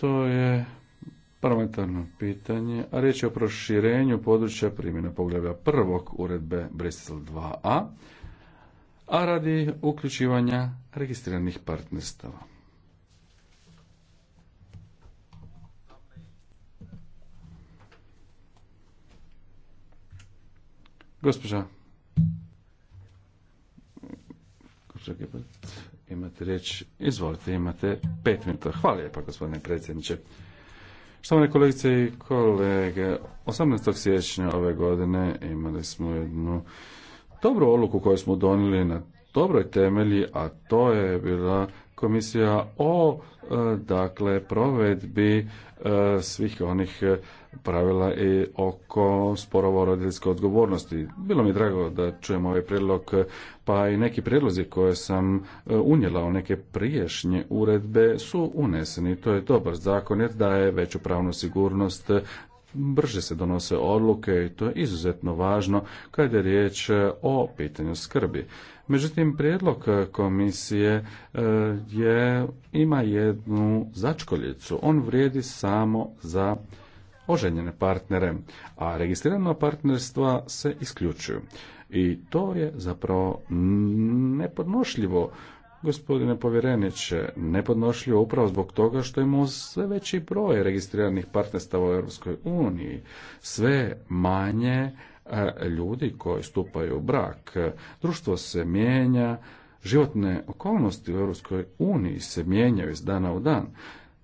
To je parlamentarno pitanje, a riječ je o proširenju područja primjene poglavlja prvog uredbe Brisel 2a, a radi uključivanja registriranih partnerstava. Gospođa, gospođa imate riječ. Izvolite, imate pet minuta. Hvala lijepa, gospodine predsjedniče. Štovane kolegice i kolege, 18. siječnja ove godine imali smo jednu dobru odluku koju smo donijeli na dobroj temelji, a to je bila komisija o e, dakle provedbi e, svih onih pravila i oko sporova roditeljske odgovornosti. Bilo mi je drago da čujem ovaj prijedlog, pa i neki prijedlozi koje sam e, unijela u neke priješnje uredbe su uneseni. To je dobar zakon jer daje veću pravnu sigurnost brže se donose odluke i to je izuzetno važno kada je riječ o pitanju skrbi. Međutim, prijedlog e, komisije e, je, ima jednu začkoljicu. On vrijedi samo za oženjene partnere, a registrirana partnerstva se isključuju. I to je zapravo nepodnošljivo Gospodine povjereniče, nepodnošljivo upravo zbog toga što imamo sve veći broj registriranih partnerstava u Europskoj uniji, sve manje E, ljudi koji stupaju u brak. Društvo se mijenja, životne okolnosti u Europskoj uniji se mijenjaju iz dana u dan.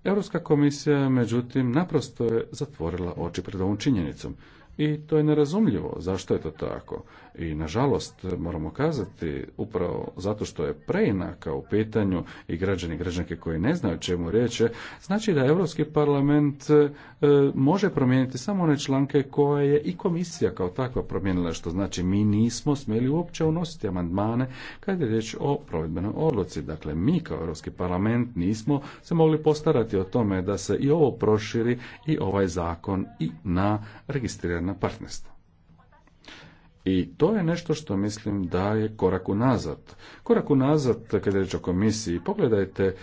Europska komisija, međutim, naprosto je zatvorila oči pred ovom činjenicom i to je nerazumljivo zašto je to tako. I nažalost moramo kazati upravo zato što je preinaka u pitanju i građani i građanke koji ne znaju čemu riječ znači da Europski parlament e, može promijeniti samo one članke koje je i komisija kao takva promijenila, što znači mi nismo smjeli uopće unositi amandmane kad je riječ o provedbenoj odluci. Dakle, mi kao Europski parlament nismo se mogli postarati o tome da se i ovo proširi i ovaj zakon i na registriran partnerstvo. I to je nešto što mislim da je korak unazad. Korak unazad kada je reč o komisiji, pogledajte e,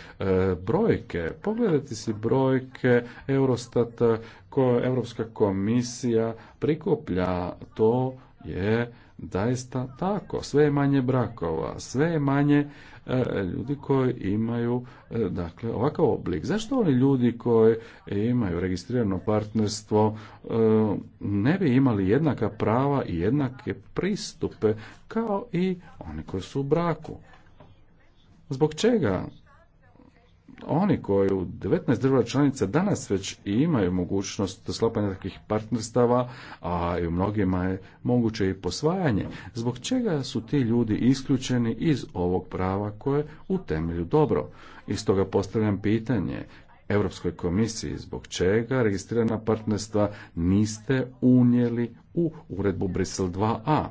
brojke, pogledajte si brojke Eurostat koje Europska komisija prikuplja, to je daista tako. Sve je manje brakova, sve je manje E, ljudi koji imaju e, dakle ovakav oblik. Zašto oni ljudi koji imaju registrirano partnerstvo e, ne bi imali jednaka prava i jednake pristupe kao i oni koji su u braku? Zbog čega oni koji u 19 država članica danas već imaju mogućnost sklapanja takvih partnerstava, a i u mnogima je moguće i posvajanje, zbog čega su ti ljudi isključeni iz ovog prava koje u temelju dobro. I stoga postavljam pitanje, Europskoj komisiji zbog čega registrirana partnerstva niste unijeli u uredbu Brisel 2a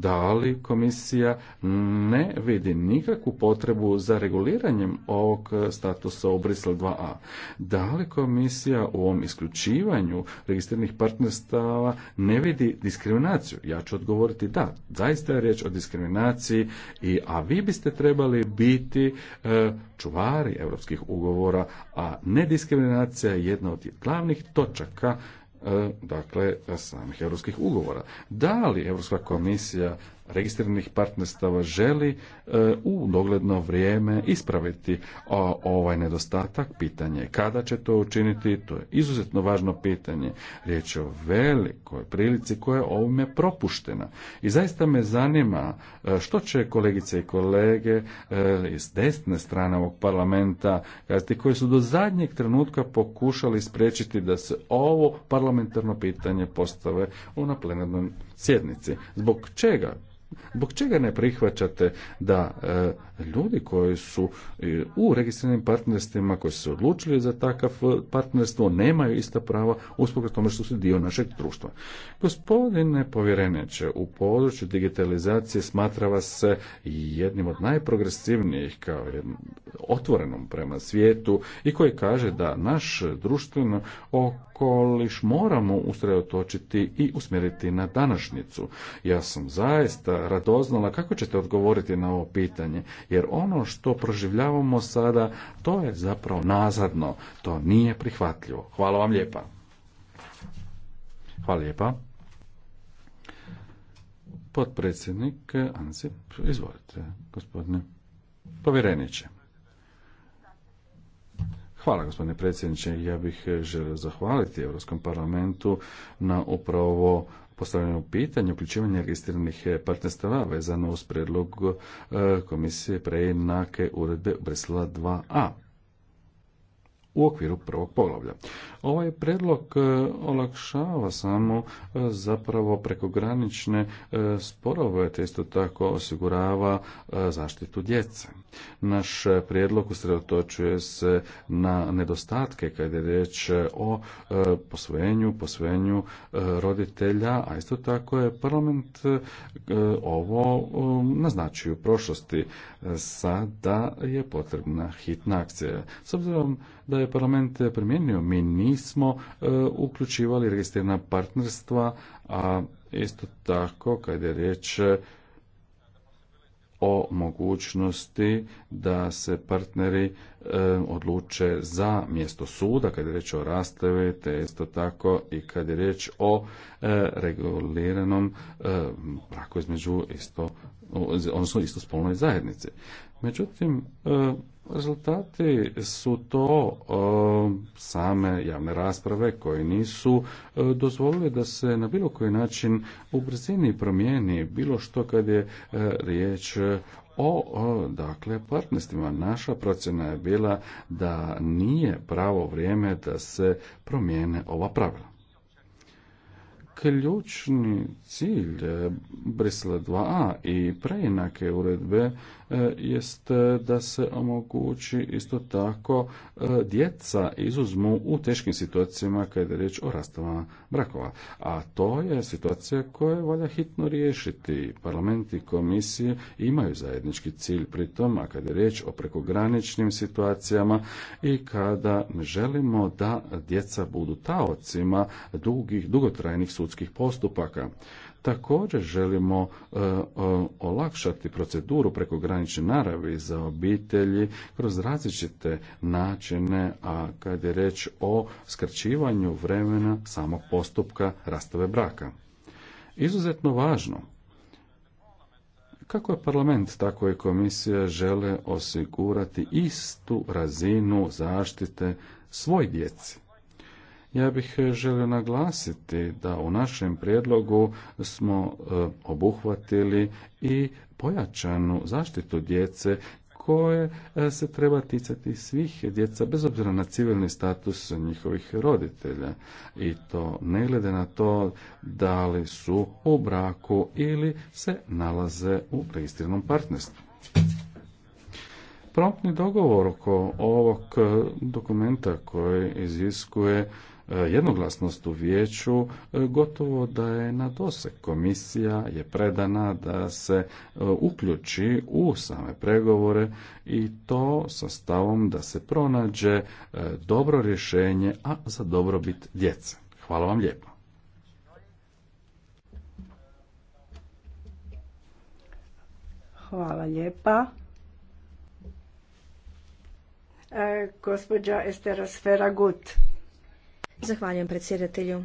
da li komisija ne vidi nikakvu potrebu za reguliranjem ovog statusa u Brisel 2a. Da li komisija u ovom isključivanju registriranih partnerstava ne vidi diskriminaciju? Ja ću odgovoriti da, zaista je riječ o diskriminaciji, i, a vi biste trebali biti e, čuvari europskih ugovora, a nediskriminacija je jedna od glavnih točaka E, dakle samih europskih ugovora. Da li Europska komisija registriranih partnerstava želi e, u dogledno vrijeme ispraviti ovaj nedostatak. Pitanje kada će to učiniti, to je izuzetno važno pitanje. Riječ je o velikoj prilici koja je ovome propuštena. I zaista me zanima e, što će kolegice i kolege e, iz desne strane ovog parlamenta kazati koji su do zadnjeg trenutka pokušali spriječiti da se ovo parlamentarno pitanje postave u na plenarnoj sjednici. Zbog čega Bog čega ne prihvaćate da e, ljudi koji su e, u registriranim partnerstvima, koji su se odlučili za takav e, partnerstvo, nemaju ista prava usprkos tome što su dio našeg društva? Gospodine povjereniče, u području digitalizacije smatra vas se jednim od najprogresivnijih kao otvorenom prema svijetu i koji kaže da naš društveno okoliš moramo usredotočiti i usmjeriti na današnjicu. Ja sam zaista radoznala kako ćete odgovoriti na ovo pitanje, jer ono što proživljavamo sada, to je zapravo nazadno, to nije prihvatljivo. Hvala vam lijepa. Hvala lijepa. Potpredsjednik Ansip, izvolite, gospodine povjereniče. Hvala gospodine predsjedniče. Ja bih eh, želio zahvaliti Europskom parlamentu na upravo postavljeno pitanje uključivanja registriranih eh, partnerstava vezano uz predlog eh, komisije preinake uredbe Bresla 2a u okviru prvog poglavlja. Ovaj predlog e, olakšava samo e, zapravo prekogranične e, sporove, te isto tako osigurava zaštitu djece. Naš prijedlog usredotočuje se na nedostatke kada je riječ o posvojenju, posvojenju roditelja, a isto tako je parlament ovo naznačio u prošlosti. Sada je potrebna hitna akcija. S obzirom da je parlament promijenio. Mi nismo e, uključivali registrirana partnerstva, a isto tako kad je riječ o mogućnosti da se partneri e, odluče za mjesto suda kad je riječ o rastavi, te isto tako i kad je riječ o e, reguliranom e, braku između isto odnosno spolnoj zajednici. Međutim, Rezultati su to e, same javne rasprave koje nisu e, dozvolile da se na bilo koji način u brzini promijeni bilo što kad je e, riječ o, dakle partnerstvima. Naša procjena je bila da nije pravo vrijeme da se promijene ova pravila ključni cilj Brisela 2a i preinake uredbe E, jest e, da se omogući isto tako e, djeca izuzmu u teškim situacijama kada je riječ o rastavama brakova. A to je situacija koju valja hitno riješiti. Parlament i komisije imaju zajednički cilj pritom, a kada je riječ o prekograničnim situacijama i kada želimo da djeca budu taocima dugih, dugotrajnih sudskih postupaka. Također želimo e, e, olakšati proceduru prekogranične naravi za obitelji kroz različite načine, a kad je reč o skraćivanju vremena samog postupka rastave braka. Izuzetno važno kako je parlament, tako i komisija žele osigurati istu razinu zaštite svoj djeci. Ja bih e, želio naglasiti da u našem prijedlogu smo e, obuhvatili i pojačanu zaštitu djece koje e, se treba ticati svih djeca, bez obzira na civilni status njihovih roditelja. I to ne glede na to da li su u braku ili se nalaze u registriranom partnerstvu. Promptni dogovor oko ovog dokumenta koji iziskuje E, jednoglasnost u vijeću e, gotovo da je na doseg. Komisija je predana da se e, uključi u same pregovore i to sa stavom da se pronađe dobro rješenje, a za dobrobit djece. Hvala vam lijepo. Hvala lijepa. E, gospođa Estera Zahvaljujem predsjedatelju.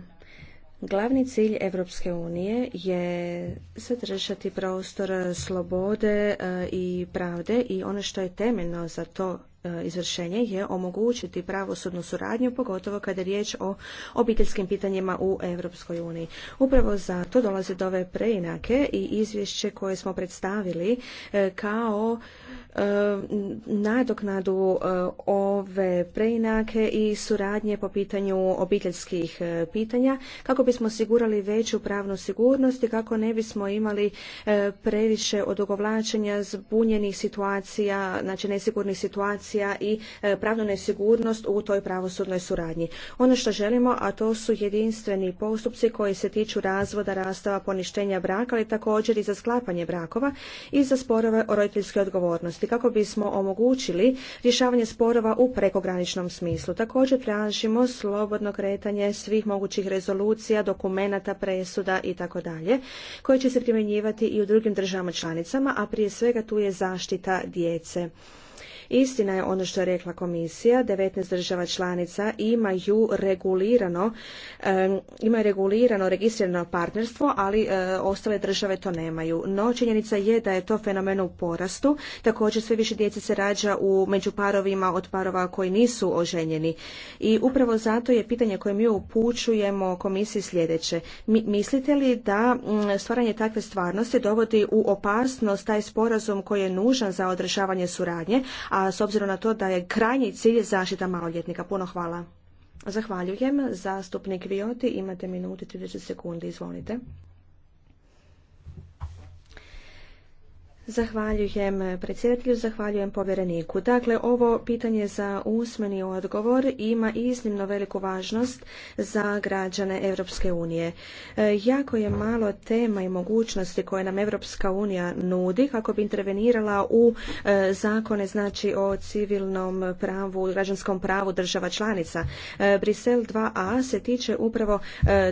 Glavni cilj Europske unije je sadržati prostor slobode e, i pravde i ono što je temeljno za to E, izvršenje je omogućiti pravosudnu suradnju, pogotovo kada je riječ o obiteljskim pitanjima u Europskoj uniji. Upravo zato dolaze do ove preinake i izvješće koje smo predstavili e, kao e, nadoknadu ove preinake i suradnje po pitanju obiteljskih pitanja kako bismo osigurali veću pravnu sigurnost i kako ne bismo imali previše odugovlačenja zbunjenih situacija, znači nesigurnih situacija korupcija i e, pravnu nesigurnost u toj pravosudnoj suradnji. Ono što želimo, a to su jedinstveni postupci koji se tiču razvoda, rastava, poništenja braka, ali također i za sklapanje brakova i za sporove o roditeljskoj odgovornosti, kako bismo omogućili rješavanje sporova u prekograničnom smislu. Također tražimo slobodno kretanje svih mogućih rezolucija, dokumenata, presuda i tako dalje, koje će se primjenjivati i u drugim državama članicama, a prije svega tu je zaštita djece. Istina je ono što je rekla komisija, 19 država članica imaju regulirano, imaju regulirano registrirano partnerstvo, ali e, ostale države to nemaju. No, činjenica je da je to fenomen u porastu. Također sve više djece se rađa u među parovima od parova koji nisu oženjeni. I upravo zato je pitanje koje mi upućujemo komisiji sljedeće. mislite li da stvaranje takve stvarnosti dovodi u opasnost taj sporazum koji je nužan za održavanje suradnje, a s obzirom na to da je krajnji cilj zaštita maloljetnika. Puno hvala. Zahvaljujem. Zastupnik Vioti, imate minuti 30 sekundi, izvolite. Zahvaljujem predsjedatelju, zahvaljujem povjereniku. Dakle, ovo pitanje za usmeni odgovor ima iznimno veliku važnost za građane Europske unije. E, jako je malo tema i mogućnosti koje nam Europska unija nudi kako bi intervenirala u e, zakone, znači o civilnom pravu, građanskom pravu država članica. E, Brisel 2a se tiče upravo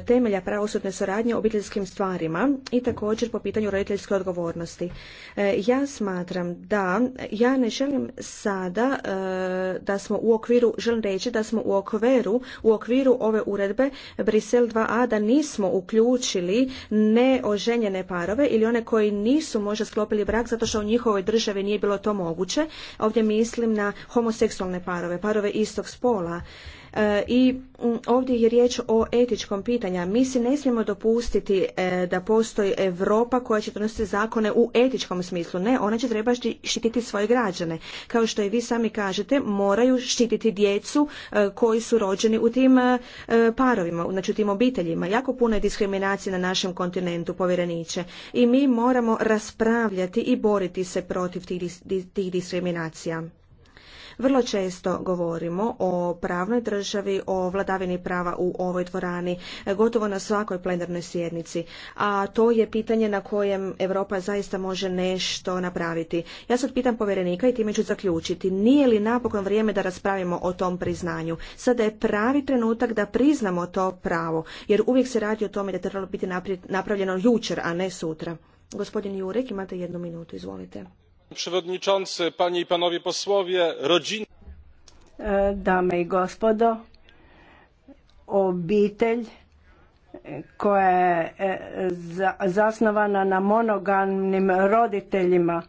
temelja pravosudne suradnje obiteljskim stvarima i također po pitanju roditeljske odgovornosti E, ja smatram da ja ne želim sada e, da smo u okviru, želim reći da smo u okviru, u okviru ove uredbe Brisel 2a da nismo uključili neoženjene parove ili one koji nisu možda sklopili brak zato što u njihovoj državi nije bilo to moguće. Ovdje mislim na homoseksualne parove, parove istog spola. E, I mm, ovdje je riječ o etičkom pitanju. Mi si ne smijemo dopustiti e, da postoji Europa koja će donositi zakone u etičkom smislu. Ne, ona će treba štititi svoje građane. Kao što i vi sami kažete, moraju štititi djecu e, koji su rođeni u tim parovima, znači u tim obiteljima. Jako puno je diskriminacije na našem kontinentu, povjereniče. I mi moramo raspravljati i boriti se protiv tih diskriminacija. Vrlo često govorimo o pravnoj državi, o vladavini prava u ovoj dvorani, gotovo na svakoj plenarnoj sjednici, a to je pitanje na kojem Europa zaista može nešto napraviti. Ja sad pitam povjerenika i time ću zaključiti, nije li napokon vrijeme da raspravimo o tom priznanju? Sada je pravi trenutak da priznamo to pravo, jer uvijek se radi o tome da je trebalo biti napravljeno jučer, a ne sutra. Gospodin Jurek, imate jednu minutu, izvolite przewodniczący! panie i panowie posłowie! rodzina. E, dame i gospodo obitelj koja je e, zasnovana na monogamnim roditeljima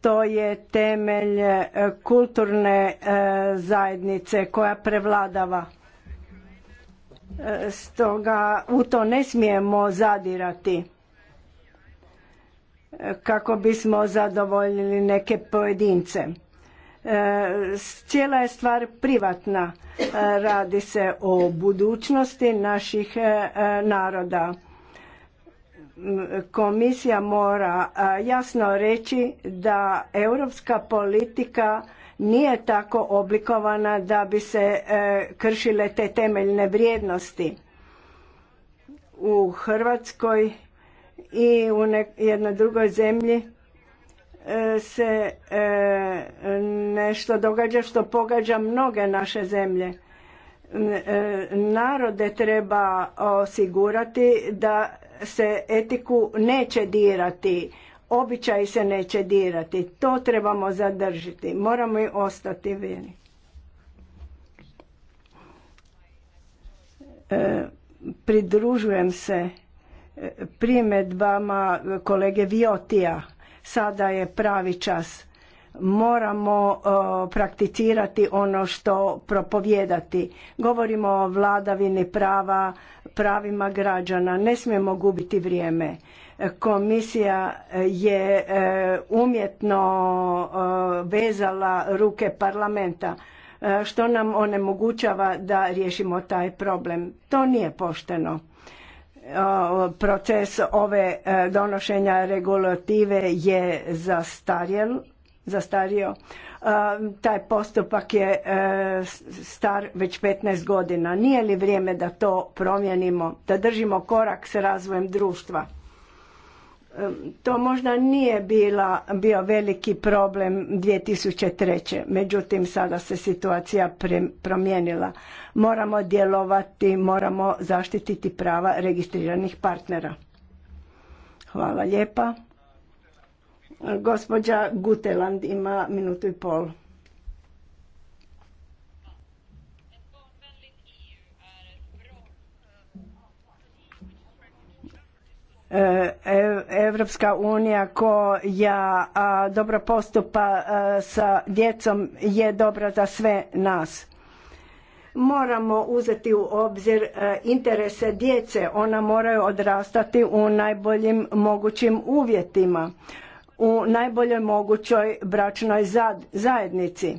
to je temelj e, kulturne zajednice koja prevladava stoga u to ne smijemo zadirati kako bismo zadovoljili neke pojedince. E, cijela je stvar privatna. E, radi se o budućnosti naših e, naroda. Komisija mora jasno reći da europska politika nije tako oblikovana da bi se kršile te temeljne vrijednosti. U Hrvatskoj i u jednoj drugoj zemlji e, se e, nešto događa što pogađa mnoge naše zemlje. E, narode treba osigurati da se etiku neće dirati, običaj se neće dirati. To trebamo zadržiti. Moramo i ostati vjeri. Pridružujem se primjedbama kolege Viotija. Sada je pravi čas. Moramo e, prakticirati ono što propovijedati. Govorimo o vladavini prava, pravima građana. Ne smijemo gubiti vrijeme. Komisija je e, umjetno e, vezala ruke parlamenta što nam onemogućava da riješimo taj problem. To nije pošteno proces ove e, donošenja regulative je zastarjel, zastario. E, taj postupak je e, star već 15 godina. Nije li vrijeme da to promijenimo, da držimo korak s razvojem društva? To možda nije bila, bio veliki problem 2003. Međutim, sada se situacija promijenila. Moramo djelovati, moramo zaštititi prava registriranih partnera. Hvala lijepa. Gospođa Guteland ima minutu i pol. Europska unija koja dobro postupa sa djecom je dobra za sve nas. Moramo uzeti u obzir e, interese djece, ona moraju odrastati u najboljim mogućim uvjetima, u najboljoj mogućoj bračnoj zajednici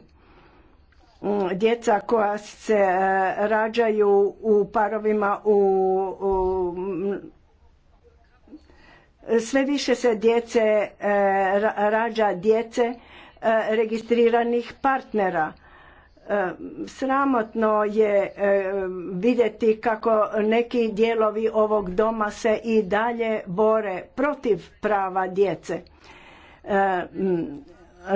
mm, djeca koja se e, rađaju u parovima u sve više se djece e, rađa djece e, registriranih partnera. E, sramotno je vidjeti kako neki dijelovi ovog doma se i dalje bore protiv prava djece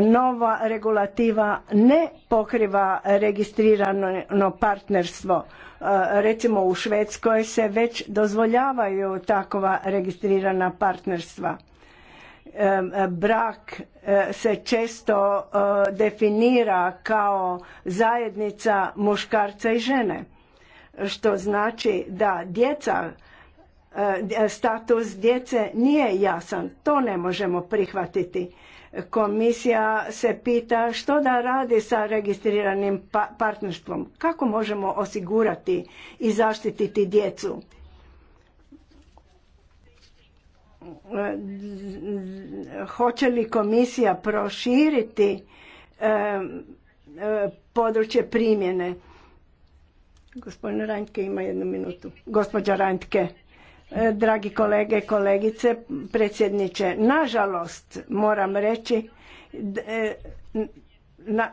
nova regulativa ne pokriva registrirano partnerstvo. E, recimo u Švedskoj se već dozvoljavaju takova registrirana partnerstva. E, brak e, se često definira kao zajednica muškarca i žene, što znači da djeca E, status djece nije jasan. To ne možemo prihvatiti. Komisija se pita što da radi sa registriranim pa, partnerstvom. Kako možemo osigurati i zaštititi djecu? E, hoće li komisija proširiti e, područje primjene? Gospodin Rajnke ima jednu minutu. Gospođa Rajnke. E, dragi kolege i kolegice, predsjedniče. Nažalost, moram reći, e,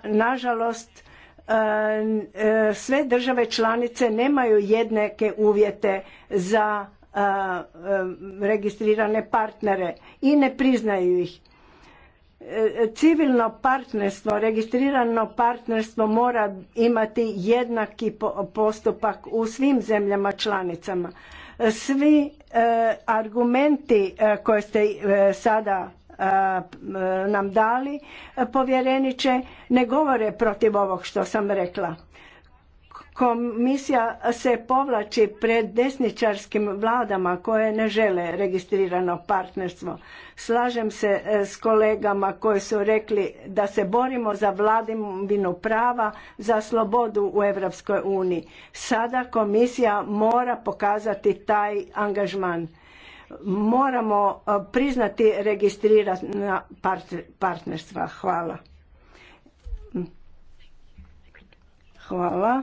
nažalost, e, sve države članice nemaju jednake uvjete za registrirane partnere i ne priznaju ih. Civilno partnerstvo, registrirano partnerstvo mora imati jednaki postupak u svim zemljama članicama svi e, argumenti e, koje ste e, sada nam dali povjereniče ne govore protiv ovog što sam rekla Komisija se povlači pred desničarskim vladama koje ne žele registrirano partnerstvo. Slažem se eh, s kolegama koji su rekli da se borimo za vladinu prava, za slobodu u Europskoj uniji. Sada komisija mora pokazati taj angažman. Moramo eh, priznati registrirana partnerstva. Hvala. Hvala.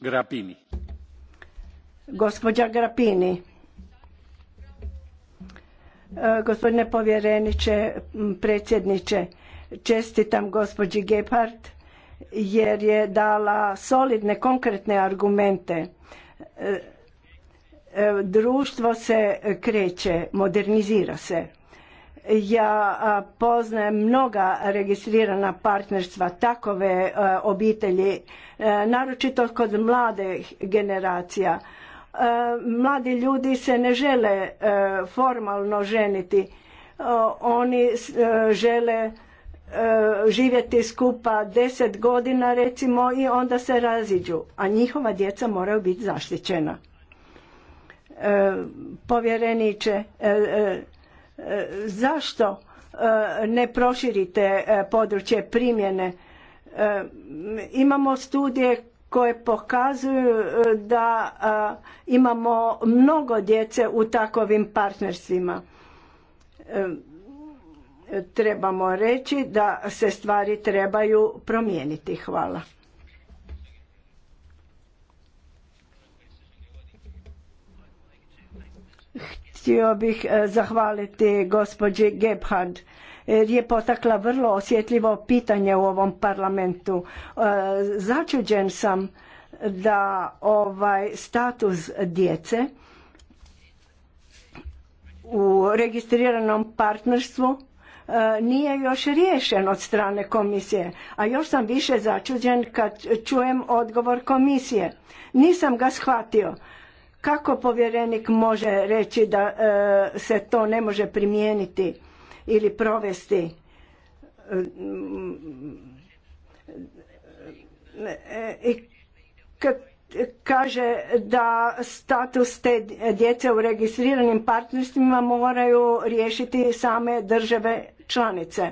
Grapini. Gospođa Grapini. E, gospodine povjereniče, predsjedniče, čestitam gospođi Gebhardt jer je dala solidne, konkretne argumente. E, e, društvo se kreće, modernizira se ja poznajem mnoga registrirana partnerstva, takove e, obitelji, e, naročito kod mlade generacija. E, mladi ljudi se ne žele formalno ženiti. Oni žele živjeti skupa deset godina recimo i onda se raziđu, a njihova djeca moraju biti zaštićena. Povjereniče, Zašto e, ne proširite e, područje primjene? E, imamo studije koje pokazuju da imamo mnogo djece u takovim partnerstvima. Trebamo reći da se stvari trebaju promijeniti. Hvala. htio bih e, zahvaliti gospođi Gebhard jer je potakla vrlo osjetljivo pitanje u ovom parlamentu. E, začuđen sam da ovaj status djece u registriranom partnerstvu e, nije još riješen od strane komisije. A još sam više začuđen kad čujem odgovor komisije. Nisam ga shvatio kako povjerenik može reći da e, se to ne može primijeniti ili provesti? E, e, kaže da status te djece u registriranim partnerstvima moraju riješiti same države članice.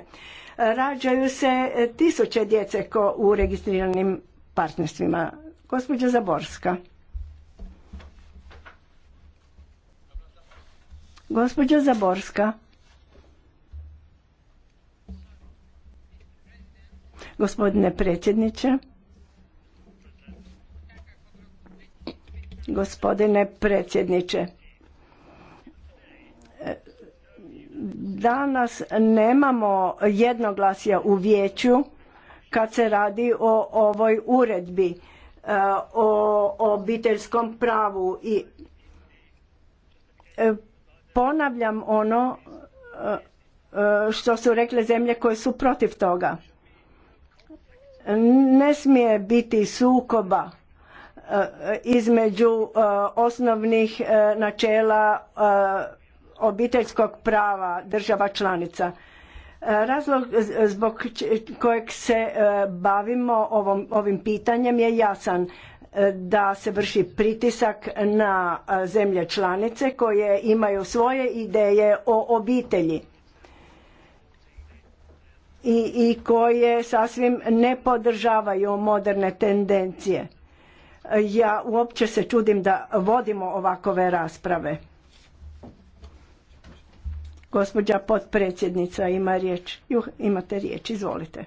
Rađaju se tisuće djece ko u registriranim partnerstvima. Gospođa Zaborska. Gospođa Zaborska. Gospodine predsjedniče. Gospodine predsjedniče. Danas nemamo jednoglasja u vijeću kad se radi o ovoj uredbi e, o obiteljskom pravu i e, Ponavljam ono e, e, što su rekle zemlje koje su protiv toga. Ne smije biti sukoba e, između osnovnih načela obiteljskog prava država članica. Razlog zbog kojeg se bavimo ovim pitanjem je jasan da se vrši pritisak na zemlje članice koje imaju svoje ideje o obitelji i, koje sasvim ne podržavaju moderne tendencije. Ja uopće se čudim da vodimo ovakove rasprave. Gospođa potpredsjednica ima riječ. imate riječ, izvolite.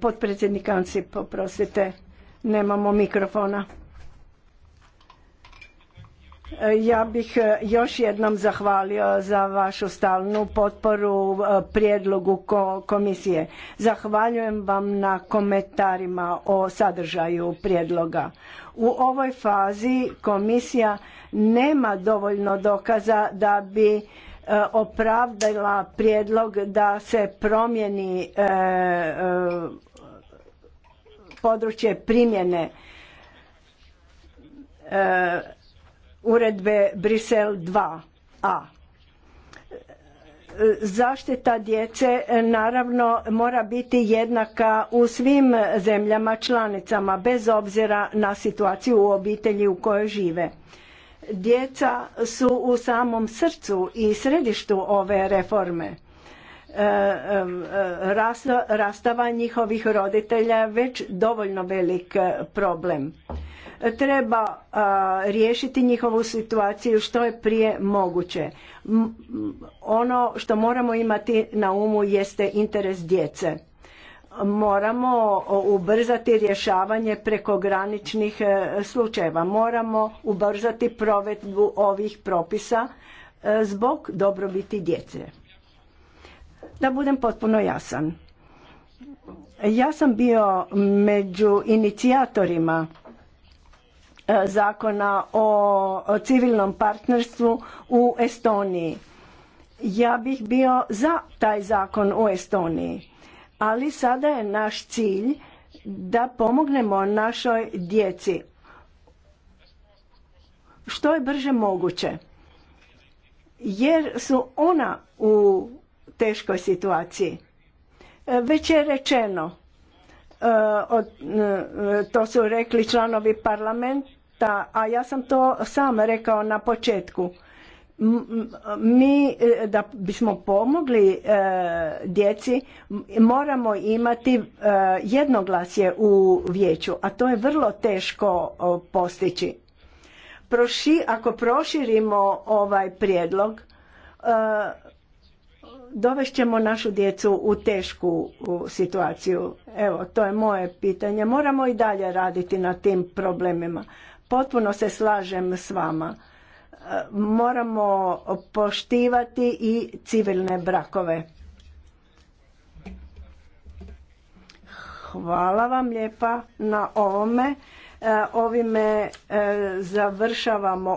Potpredsjednik Ansip, oprostite, nemamo mikrofona. Ja bih e, još jednom zahvalio za vašu stalnu potporu e, prijedlogu komisije. Zahvaljujem vam na komentarima o sadržaju prijedloga. U ovoj fazi komisija nema dovoljno dokaza da bi E, opravdala prijedlog da se promijeni e, e, područje primjene uredbe Brisel 2a. Zaštita djece naravno mora biti jednaka u svim zemljama članicama bez obzira na situaciju u obitelji u kojoj žive. Djeca su u samom srcu i središtu ove reforme. E, e, rastava njihovih roditelja je već dovoljno velik e, problem. Treba riješiti njihovu situaciju što je prije moguće. Ono što moramo imati na umu jeste interes djece moramo ubrzati rješavanje prekograničnih e, slučajeva, moramo ubrzati provedbu ovih propisa e, zbog dobrobiti djece. Da budem potpuno jasan. Ja sam bio među inicijatorima e, zakona o civilnom partnerstvu u Estoniji. Ja bih bio za taj zakon u Estoniji ali sada je naš cilj da pomognemo našoj djeci što je brže moguće jer su ona u teškoj situaciji e, već je rečeno e, e, to su rekli članovi parlamenta a ja sam to sam rekao na početku mi e, da bismo pomogli e, djeci moramo imati e, jednoglasje u vijeću a to je vrlo teško postići Proši, ako proširimo ovaj prijedlog e, dovešćemo našu djecu u tešku situaciju evo to je moje pitanje moramo i dalje raditi na tim problemima potpuno se slažem s vama moramo poštivati i civilne brakove. Hvala vam lijepa na ovome. E, ovime e, završavamo